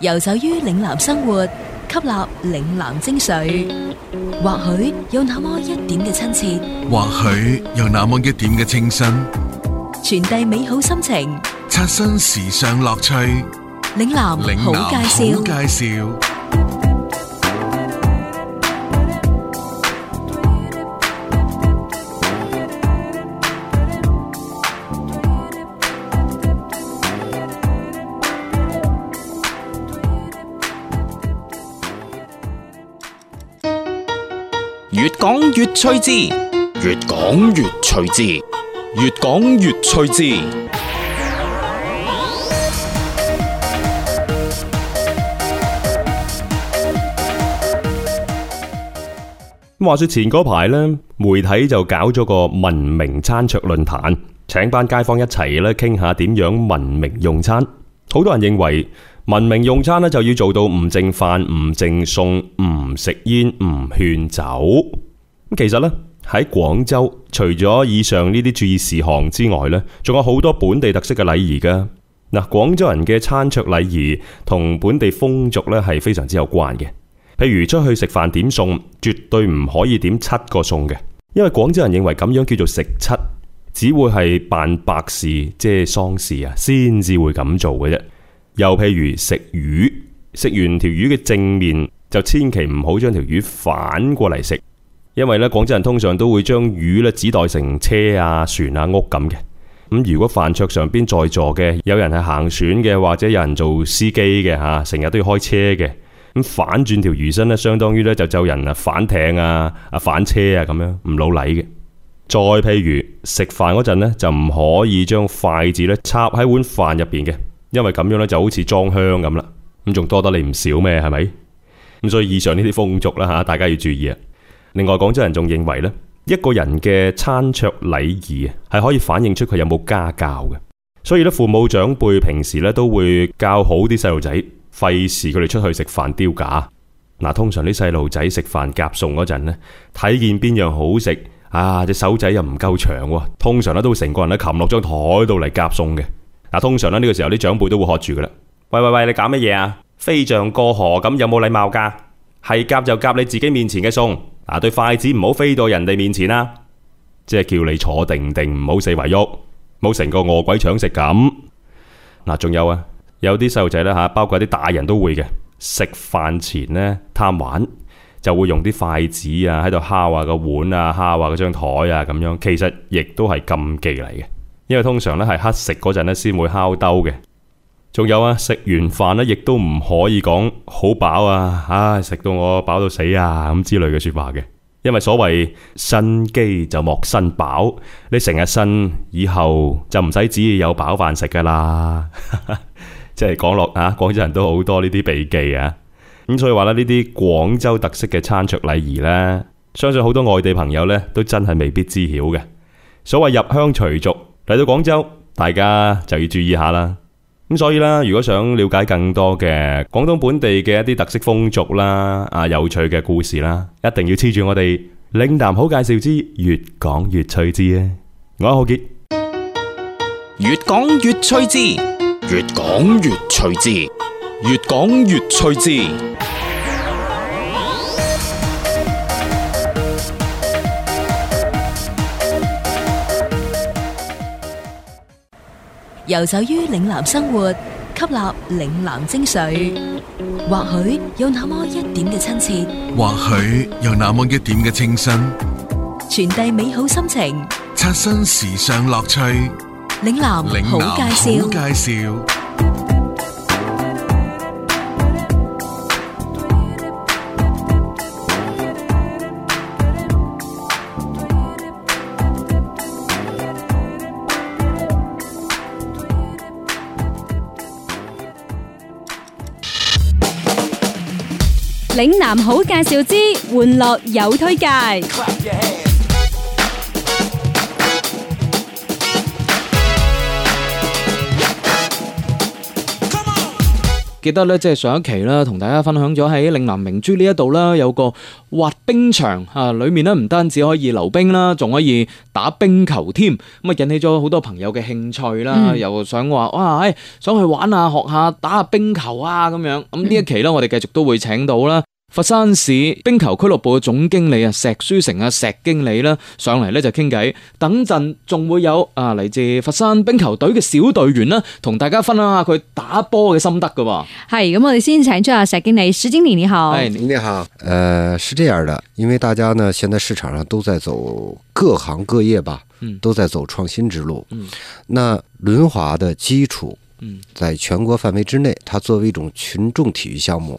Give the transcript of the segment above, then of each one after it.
遊走於嶺南生活，吸納嶺南精髓，或許有那麼一點嘅親切，或許有那麼一點嘅清新，傳遞美好心情，刷新時尚樂趣。嶺南好介紹，嶺南好介紹。越趣致，越講越趣致，越講越趣致。咁話說前嗰排咧，媒體就搞咗個文明餐桌論壇，請班街坊一齊咧傾下點樣文明用餐。好多人認為文明用餐咧就要做到唔剩飯、唔剩餸、唔食煙、唔勸酒。咁其實呢，喺廣州，除咗以上呢啲注意事項之外呢，仲有好多本地特色嘅禮儀噶嗱。廣州人嘅餐桌禮儀同本地風俗呢係非常之有關嘅。譬如出去食飯點餸，絕對唔可以點七個餸嘅，因為廣州人認為咁樣叫做食七，只會係辦白事即係喪事啊，先至會咁做嘅啫。又譬如食魚，食完條魚嘅正面就千祈唔好將條魚反過嚟食。因為咧，廣州人通常都會將魚咧指代成車啊、船啊、屋咁嘅。咁如果飯桌上邊在座嘅有人係行船嘅，或者有人做司機嘅吓，成日都要開車嘅，咁反轉條魚身咧，相當於咧就就人啊反艇啊、啊反車啊咁樣唔老禮嘅。再譬如食飯嗰陣咧，就唔可以將筷子咧插喺碗飯入邊嘅，因為咁樣咧就好似裝香咁啦。咁仲多得你唔少咩？係咪咁？所以以上呢啲風俗啦吓，大家要注意啊。另外，廣州人仲認為咧，一個人嘅餐桌禮儀啊，係可以反映出佢有冇家教嘅。所以咧，父母長輩平時咧都會教好啲細路仔，費事佢哋出去食飯丟架。嗱、啊，通常啲細路仔食飯夾餸嗰陣咧，睇見邊樣好食啊，隻手仔又唔夠長，通常咧都會成個人咧擒落張台度嚟夾餸嘅。嗱，通常咧呢個時候啲長輩都會喝住噶啦。喂喂喂，你搞乜嘢啊？飛象過河咁有冇禮貌噶？係夾就夾你自己面前嘅餸，啊，對筷子唔好飛到人哋面前啦，即係叫你坐定定，唔好四圍喐，冇成個餓鬼搶食咁。嗱，仲有啊，有啲細路仔呢，吓，包括啲大人都會嘅，食飯前呢，貪玩就會用啲筷子啊喺度敲下個碗啊，敲下嗰張台啊，咁樣，其實亦都係禁忌嚟嘅，因為通常咧係乞食嗰陣呢先會敲兜嘅。仲有啊，食完飯咧，亦都唔可以講好飽啊，啊、哎、食到我飽到死啊，咁之類嘅說話嘅。因為所謂新機就莫新飽，你成日新，以後就唔使只有飽飯食噶啦。即係講落啊，廣州人都好多呢啲秘技啊。咁所以話咧，呢啲廣州特色嘅餐桌禮儀咧，相信好多外地朋友咧都真係未必知曉嘅。所謂入鄉隨俗，嚟到廣州，大家就要注意下啦。咁所以啦，如果想了解更多嘅廣東本地嘅一啲特色風俗啦，啊有趣嘅故事啦，一定要黐住我哋嶺南好介紹之越講越趣之啊！我係浩傑，越講越趣之，越講越趣之，越講越趣之。越遊走於嶺南生活，吸納嶺南精髓，或許有那麼一點嘅親切，或許有那麼一點嘅清新，傳遞美好心情，刷新時尚樂趣，嶺南好介紹。嶺南好介紹之，玩樂有推介。記得咧，即係上一期啦，同大家分享咗喺嶺南明珠呢一度啦，有個滑冰場啊，裏面咧唔單止可以溜冰啦，仲可以打冰球添，咁啊引起咗好多朋友嘅興趣啦，又想話哇，唉、哎，想去玩下、學下、打下冰球啊，咁樣，咁呢一期呢，我哋繼續都會請到啦。佛山市冰球俱樂部嘅總經理啊，石書成啊，石經理啦，上嚟咧就傾偈。等陣仲會，會有啊嚟自佛山冰球隊嘅小隊員啦，同大家分享下佢打波嘅心得㗎。係咁，我哋先請出阿石經理，石經理你好。係你好。誒，是這樣嘅，因為大家呢，現在市場上都在走各行各業吧，嗯，都在走創新之路。嗯，那輪滑的基礎，嗯，在全國範圍之內，它作為一種群眾體育項目。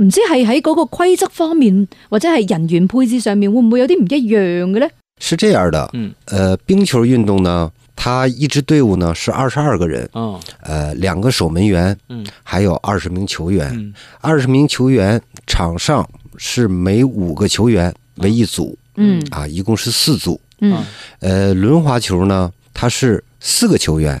唔知係喺嗰個規則方面，或者係人員配置上面，會唔會有啲唔一樣嘅咧？是這樣的，嗯、呃，冰球運動呢，它一支隊伍呢是二十二個人，嗯、哦呃，兩個守門員，嗯，還有二十名球員，嗯、二十名球員場上是每五個球員為一組，嗯，啊，一共是四組，嗯呃，呃輪滑球呢，它是四個球員。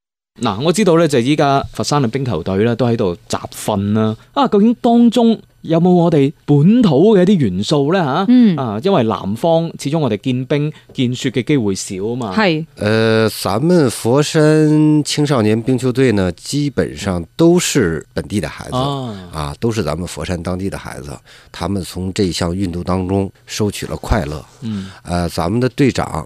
嗱、啊，我知道咧，就依家佛山嘅冰球隊咧，都喺度集訓啦、啊。啊，究竟當中有冇我哋本土嘅一啲元素咧？吓、嗯，啊，因為南方始終我哋見冰見雪嘅機會少啊嘛。係，誒、呃，咱們佛山青少年冰球隊呢，基本上都是本地的孩子、嗯、啊，都是咱們佛山當地的孩子，他們從這項運動當中收取了快樂。嗯，誒，咱們的隊長。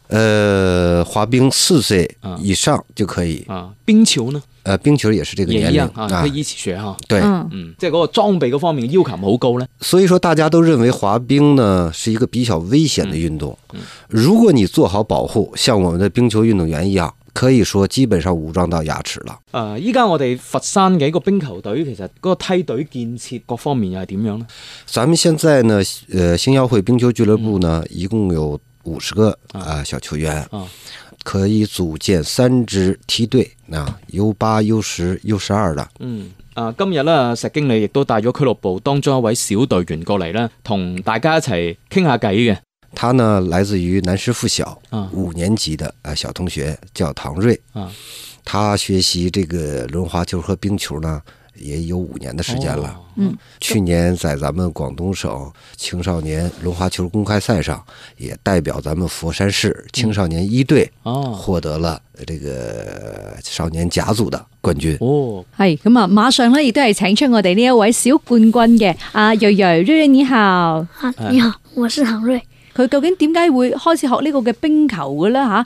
呃，滑冰四歲以上就可以啊。冰、啊、球呢？呃，冰球也是這個年齡啊，可以一起學哈。對、啊啊，嗯。嗯，嗰個裝備嗰方面要求好高呢？所以說，大家都認為滑冰呢是一個比較危險的運動、嗯嗯。如果你做好保護，像我們的冰球運動員一樣，可以說基本上武裝到牙齒了。呃、啊，依家我哋佛山嘅一個冰球隊，其實嗰個梯隊建設各方面又係點樣呢？咱們現在呢，呃，星耀會冰球俱樂部呢，嗯、一共有。五十個啊，小球員啊，可以組建三支梯隊，那 U 八、U、啊、十、U 十二的。嗯啊，今日呢，石經理亦都帶咗俱樂部當中一位小隊員過嚟呢，同大家一齊傾下偈嘅。他呢，來自於南師附小五、啊、年級的啊小同學叫唐瑞啊，他學習這個輪滑球和冰球呢。也有五年的時間了。哦，嗯，去年在咱們廣東省青少年輪滑球公開賽上，也代表咱們佛山市青少年一隊哦，獲得了這個少年甲組的冠軍哦。係，咁啊，馬上呢亦都係請出我哋呢一位小冠軍嘅，阿睿睿，睿睿你好。啊，你好，我是唐睿。佢，哎，究竟點解會開始學呢個嘅冰球嘅咧？吓？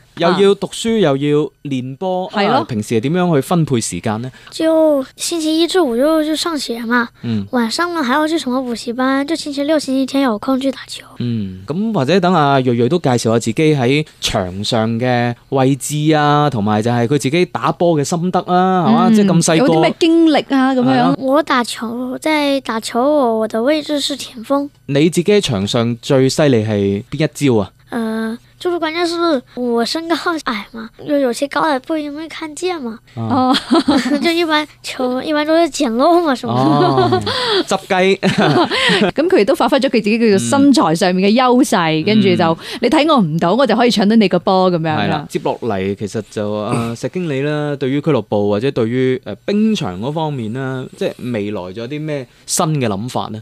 又要讀書又要練波，啊，平時係點樣去分配時間呢？就星期一至五就去上學嘛、嗯，晚上呢還要去什麼補習班？就星期六、星期天有空去打球。嗯，咁或者等阿睿睿都介紹下自己喺場上嘅位置啊，同埋就係佢自己打波嘅心得啊，係、嗯、嘛？即係咁細個有啲咩經歷啊？咁樣，我打球即係打球，我我的位置是前鋒。你自己喺場上最犀利係邊一招啊？誒、呃。就是關鍵是我身高矮嘛，又有，有些高嘅，不一定會看見嘛，哦、 就一般球一般都要撿漏嘛，什麼執雞，咁佢都發揮咗佢自己叫做身材上面嘅優勢，跟、嗯、住就你睇我唔到，我就可以搶到你個波咁樣啦。接落嚟其實就阿、啊、石經理啦，對於俱樂部或者對於誒冰場嗰方面啦，即、就、係、是、未來仲有啲咩新嘅諗法呢？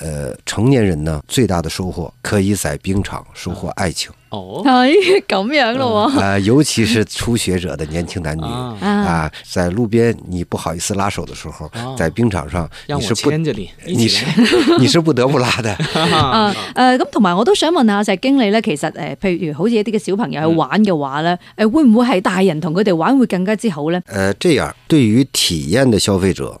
呃，成年人呢，最大的收穫可以在冰場收穫愛情哦，係咁樣咯，啊、呃，尤其是初學者的年輕男女 啊、呃，在路邊你不好意思拉手的時候，啊、在冰場上着你，你是不你是你是不得不拉的 啊，呃，咁同埋我都想問下石經理咧，其實，誒、呃，譬如好似一啲嘅小朋友去玩嘅話咧，誒、嗯呃，會唔會係大人同佢哋玩會更加之好咧？呃，這樣對於體驗的消費者。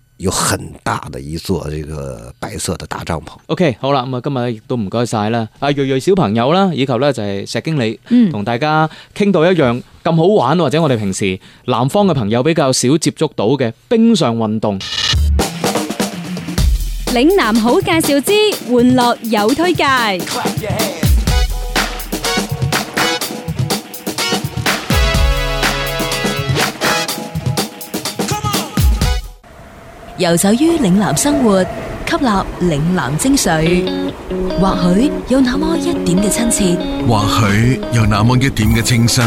有很大的一座這個白色的大帳篷。OK，好啦，咁啊今日亦都唔該晒啦，阿睿睿小朋友啦，以及咧就係石經理，同大家傾到一樣咁好玩，或者我哋平時南方嘅朋友比較少接觸到嘅冰上運動。嶺南好介紹之，玩樂有推介。遊走於嶺南生活，吸納嶺南精髓，或許有那麼一點嘅親切，或許有那麼一點嘅清新，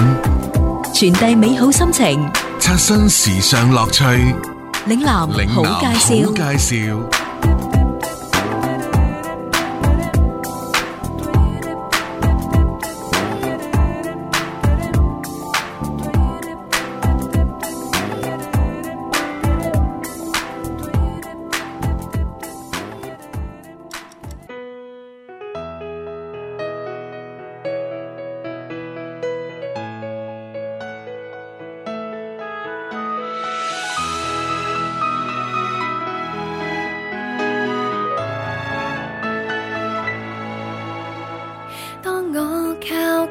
傳遞美好心情，刷新時尚樂趣。嶺南好介紹。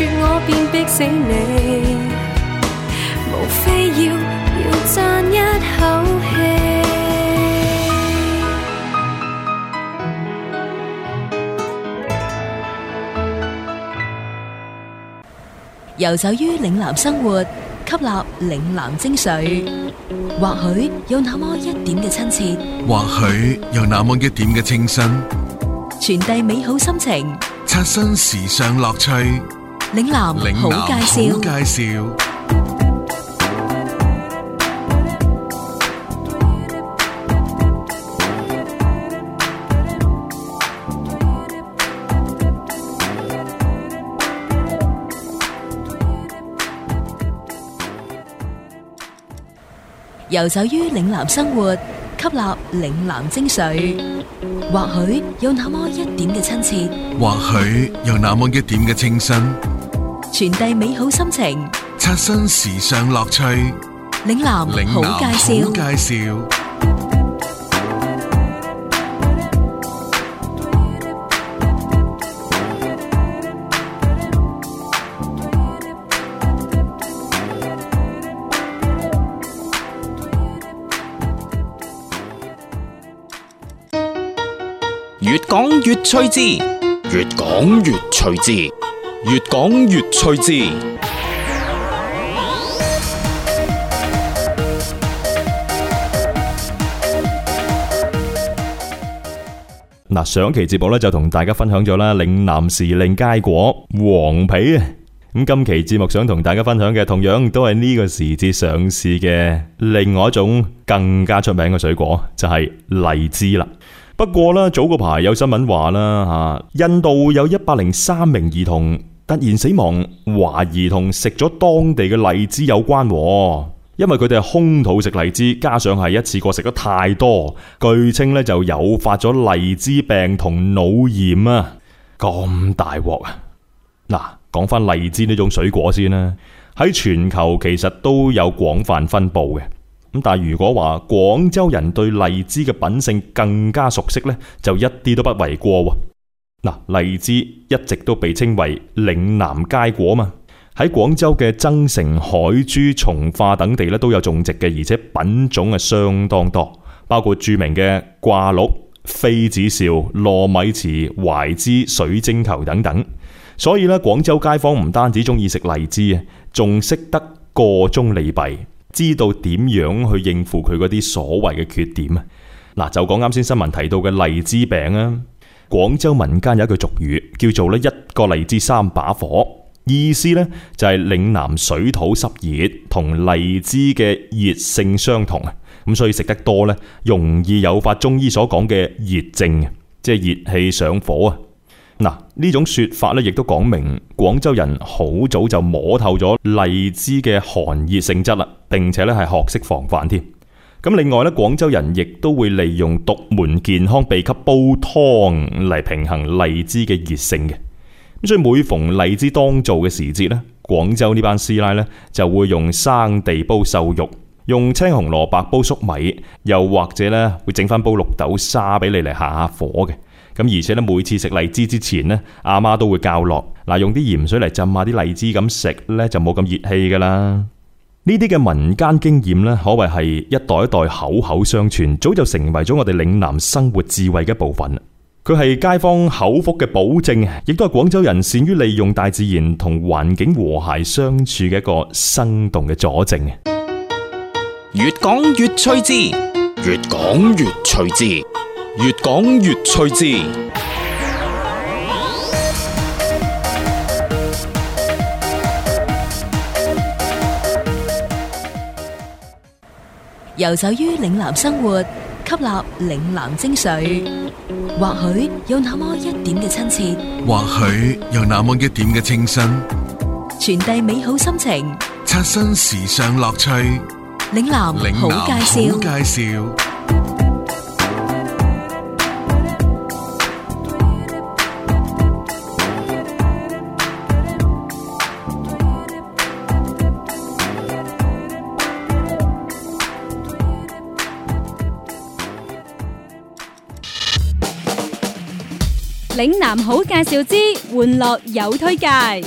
我便逼死你，無非要要讚一口氣。游走於嶺南生活，吸納嶺南精髓，或許有那麼一點嘅親切，或許有那麼一點嘅清新，傳遞美好心情，刷新時尚樂趣。嶺南好介紹，遊走於嶺南生活，吸納嶺南精髓，或許有那麼一點嘅親切，或許有那麼一點嘅清新。傳遞美好心情，刷新時尚樂趣。嶺南好介紹，越講越趣致，越講越趣致。越講越趣致。嗱，上期節目咧就同大家分享咗啦，嶺南時令佳果黃皮啊！咁今期節目想同大家分享嘅，同樣都係呢個時節上市嘅另外一種更加出名嘅水果，就係荔枝啦。不過咧，早個排有新聞話啦，吓印度有一百零三名兒童。突然死亡，懷疑同食咗當地嘅荔枝有關，因為佢哋係空肚食荔枝，加上係一次過食得太多，據稱咧就誘發咗荔枝病同腦炎啊！咁大鑊啊！嗱，講返荔枝呢種水果先啦，喺全球其實都有廣泛分布嘅，咁但係如果話廣州人對荔枝嘅品性更加熟悉呢，就一啲都不為過喎。荔枝一直都被稱為嶺南佳果嘛，喺廣州嘅增城、海珠、從化等地咧都有種植嘅，而且品種係相當多，包括著名嘅掛綠、妃子笑、糯米糍、懷枝、水晶球等等。所以咧，廣州街坊唔單止中意食荔枝啊，仲識得個中利弊，知道點樣去應付佢嗰啲所謂嘅缺點啊。嗱，就講啱先新聞提到嘅荔枝病啊。廣州民間有一句俗語，叫做咧一個荔枝三把火，意思呢就係嶺南水土濕熱同荔枝嘅熱性相同啊，咁所以食得多呢，容易有發中醫所講嘅熱症，即係熱氣上火啊！嗱，呢種説法呢，亦都講明廣州人好早就摸透咗荔枝嘅寒熱性質啦，並且呢係學識防範添。咁另外咧，廣州人亦都會利用獨門健康秘笈煲湯嚟平衡荔枝嘅熱性嘅。咁所以每逢荔枝當造嘅時節咧，廣州呢班師奶咧就會用生地煲瘦肉，用青紅蘿蔔煲粟米，又或者咧會整翻煲綠豆沙俾你嚟下下火嘅。咁而且咧每次食荔枝之前咧，阿媽，媽都會教落嗱，用啲鹽水嚟浸下啲荔枝咁食咧就冇咁熱氣噶啦。呢啲嘅民間經驗咧，可謂係一代一代口口相傳，早就成為咗我哋嶺南生活智慧嘅一部分。佢係街坊口福嘅保證，亦都係廣州人善於利用大自然同環境和諧相處嘅一個生動嘅佐證。越講越趣致，越講越趣致，越講越趣致。遊走於嶺南生活，吸納嶺南精髓，或許有那麼一點嘅親切，或許有那麼一點嘅清新，傳遞美好心情，刷新時尚樂趣。嶺南好介紹，嶺南好介紹。嶺南好介紹之，玩樂有推介。二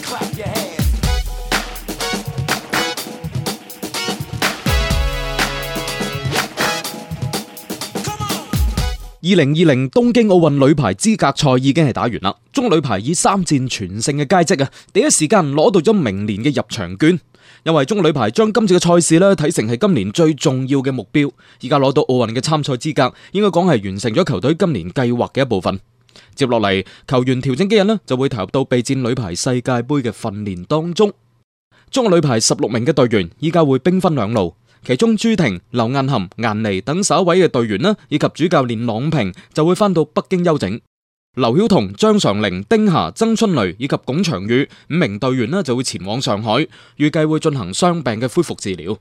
零二零東京奧運女排資格賽已經係打完啦。中女排以三戰全勝嘅佳績啊，第一時間攞到咗明年嘅入場券。因為中女排將今次嘅賽事咧睇成係今年最重要嘅目標，而家攞到奧運嘅參賽資格，應該講係完成咗球隊今年計劃嘅一部分。接落嚟，球員調整幾日呢，就會投入到備戰女排世界杯嘅訓練當中，中。中國女排十六名嘅隊員依家會兵分兩路，其中朱婷、劉晏含、顏妮等十一位嘅隊員呢，以及主教練郎平就會翻到北京休整。劉曉彤、張常寧、丁霞、曾春蕾以及龔翔宇五名隊員呢，就會前往上海，預計會進行傷病嘅恢復治療。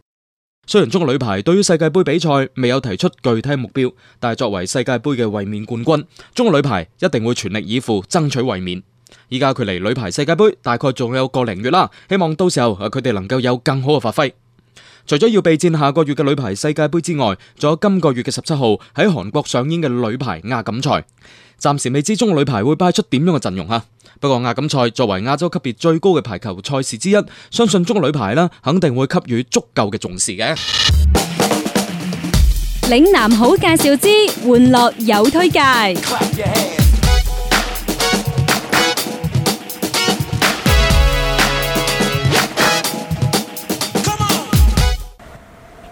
雖然中國女排對於世界杯比賽未有提出具體目標，但係作為世界杯嘅衛冕冠軍，中國女排一定會全力以赴爭取衛冕。依家距離女排世界杯大概仲有個零月啦，希望到時候佢哋能夠有更好嘅發揮。除咗要備戰下個月嘅女排世界杯之外，仲有今個月嘅十七號喺韓國上演嘅女排亞錦賽。暫時未知中國女排會派出點樣嘅陣容吓，不過亞錦賽作為亞洲級別最高嘅排球賽事之一，相信中國女排啦肯定會給予足夠嘅重視嘅。嶺南好介紹之，玩樂有推介。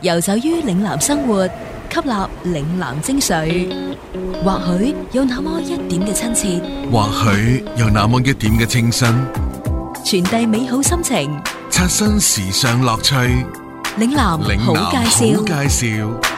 游走於嶺南生活。吸納嶺南精髓，或許有那麼一點嘅親切，或許有那麼一點嘅清新，傳遞美好心情，刷新時尚樂趣。嶺南，好介紹。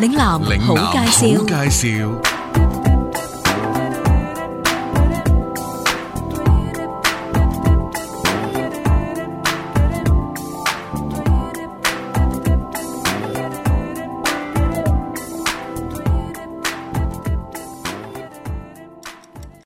嶺南好介紹。